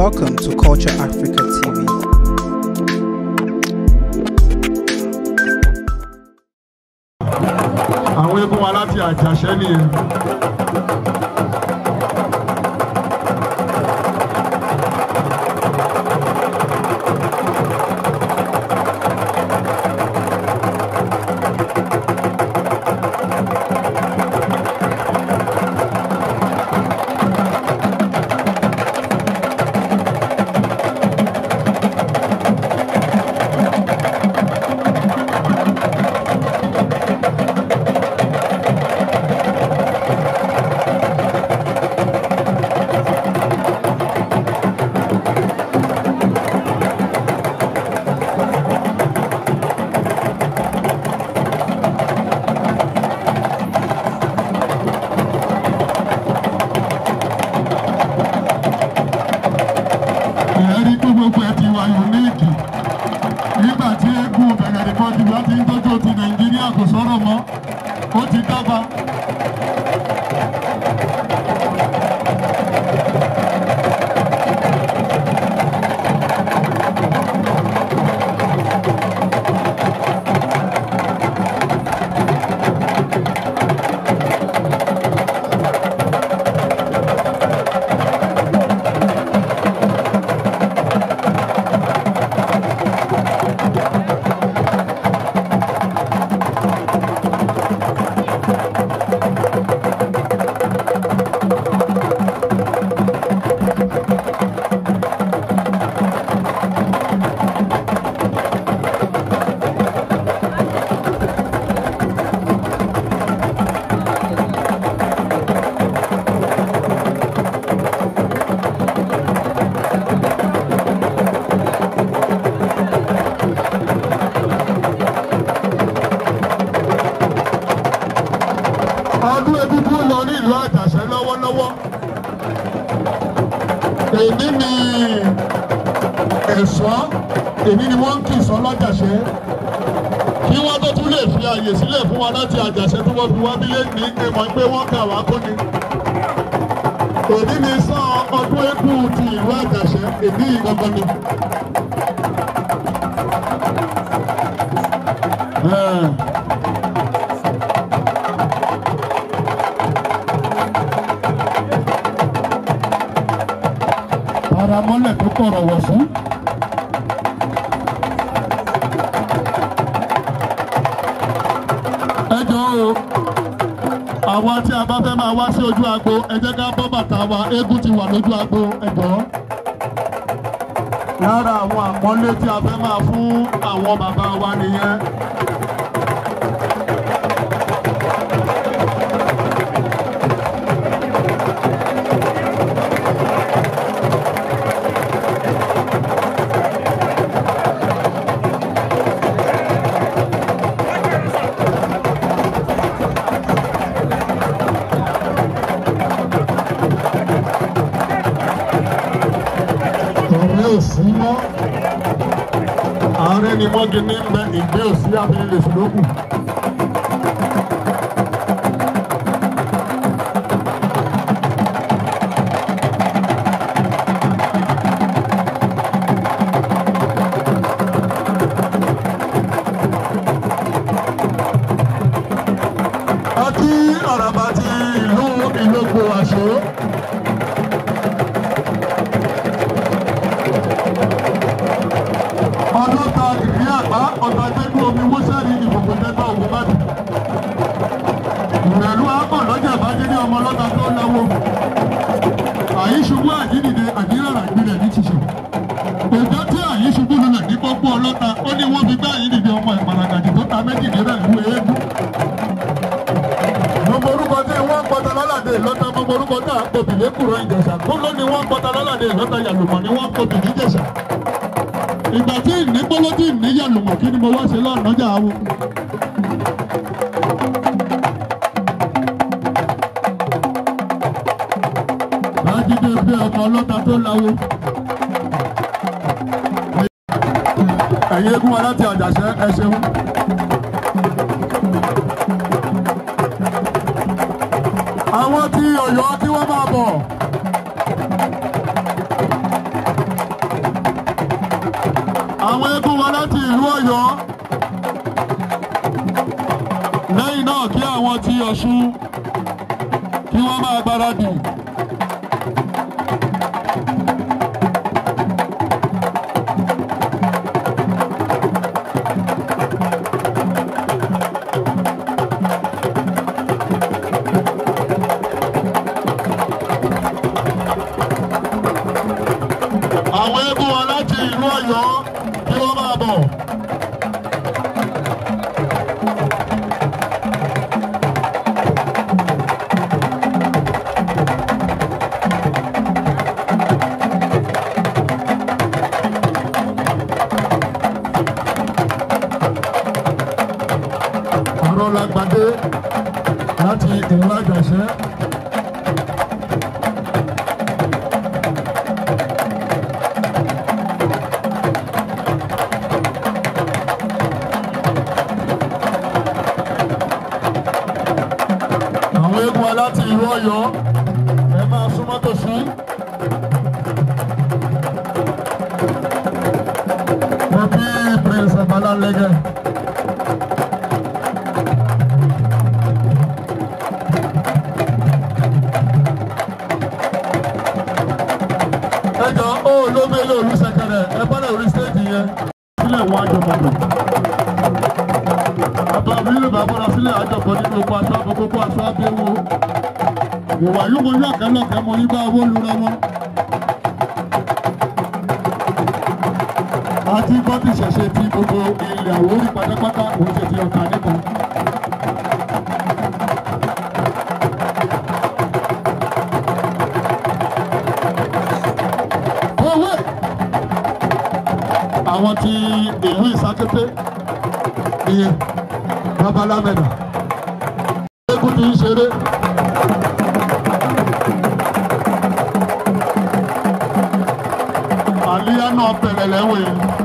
Welcome to Culture Africa TV. Àwọn eégún wa láti àjàṣẹ́ nìyẹn. 国旗高高。èmi ni ẹ̀ṣọ́ èmi ni wọ́n ń kì sọ lọ́jàṣẹ́ kí wọ́n tó tún lè fi àyè sílẹ̀ fún wa láti àjàṣẹ́ tó wọ́n fi wá bílẹ̀ ní ìmọ̀ pé wọ́n kà wá kó ni òní ni sàn ọdún eku ti ìlú àjàṣẹ́ èmi ìgangan ni. Yeah. ara mọ́lẹ̀ tó kọ̀rọ̀ wọ̀ fún. ẹ jọ̀ọ́ o àwa tí a bá fẹ́ máa wá sí ojú agbo ẹ jẹ́ ká bọ́ bàtà wa eégún ti wà lójú agbo ẹ jọ̀ọ́ lára àwọn àpọ́nlé tí a fẹ́ máa fún àwọn bàbá wa nìyẹn. òsì mọ́ ààrẹ ni wọ́n gbé ní ìgbé òsì àbí ilé ìsìlókù. òkú ọlọ́ta ó ní wọ́n fi gbá yìí nìdí ọmọ ìparagàjì tó ta méjì nílẹ̀ ìlú eégún. gbogbo orúkọ tí wọ́n ń pọta lọ́làdé ìlọ́ta gbogbo orúkọ tí à ń pòbì lékùrọ̀ ìjẹ̀ṣà gbóló ni wọ́n ń pọta lọ́làdé ìlọ́ta yàlùmọ̀ ni wọ́n ń pòbì níjẹ̀ṣà. ìgbà tí ìní gbóló tí ìní yàlùmọ̀ kí ni mo wá ṣe lọ́ọ̀nàjà awo. bá a jíde bí ọmọ ọlọ́ta tó láwo. ẹ̀yin eégún wa láti àjàṣẹ́ ẹ ṣeun. àwọn tí Ọ̀yọ́ kí wọ́n máa bọ̀. àwọn eégún wa láti ìlú Ọ̀yọ́. lẹ́yìn náà kí àwọn tí Ọ̀ṣun kí wọ́n máa gbáradì. Adé láti ìlú Àjàṣẹ́. àwọn eégún wa láti ìlú Ọ̀yọ́ ẹ máa súnmọ́ tòsí. wọ́n bí prince abalalẹ́gẹ̀ẹ́. gbogbo aṣọ àbọ̀ gbogbo aṣọ abẹ́wò ìwà yóò lọ́kẹ́lọ́kẹ́ mo ní bá owó lura wọn. àti bọ́dì ṣẹ̀ṣẹ̀ ti gbogbo ilẹ̀ Àwórì pátápátá òun ṣe ti ọ̀tà nìkan. àwọn ti ìlú ìsakété iye babalámẹ́dà fi ń àlíyá náà bẹ̀rẹ̀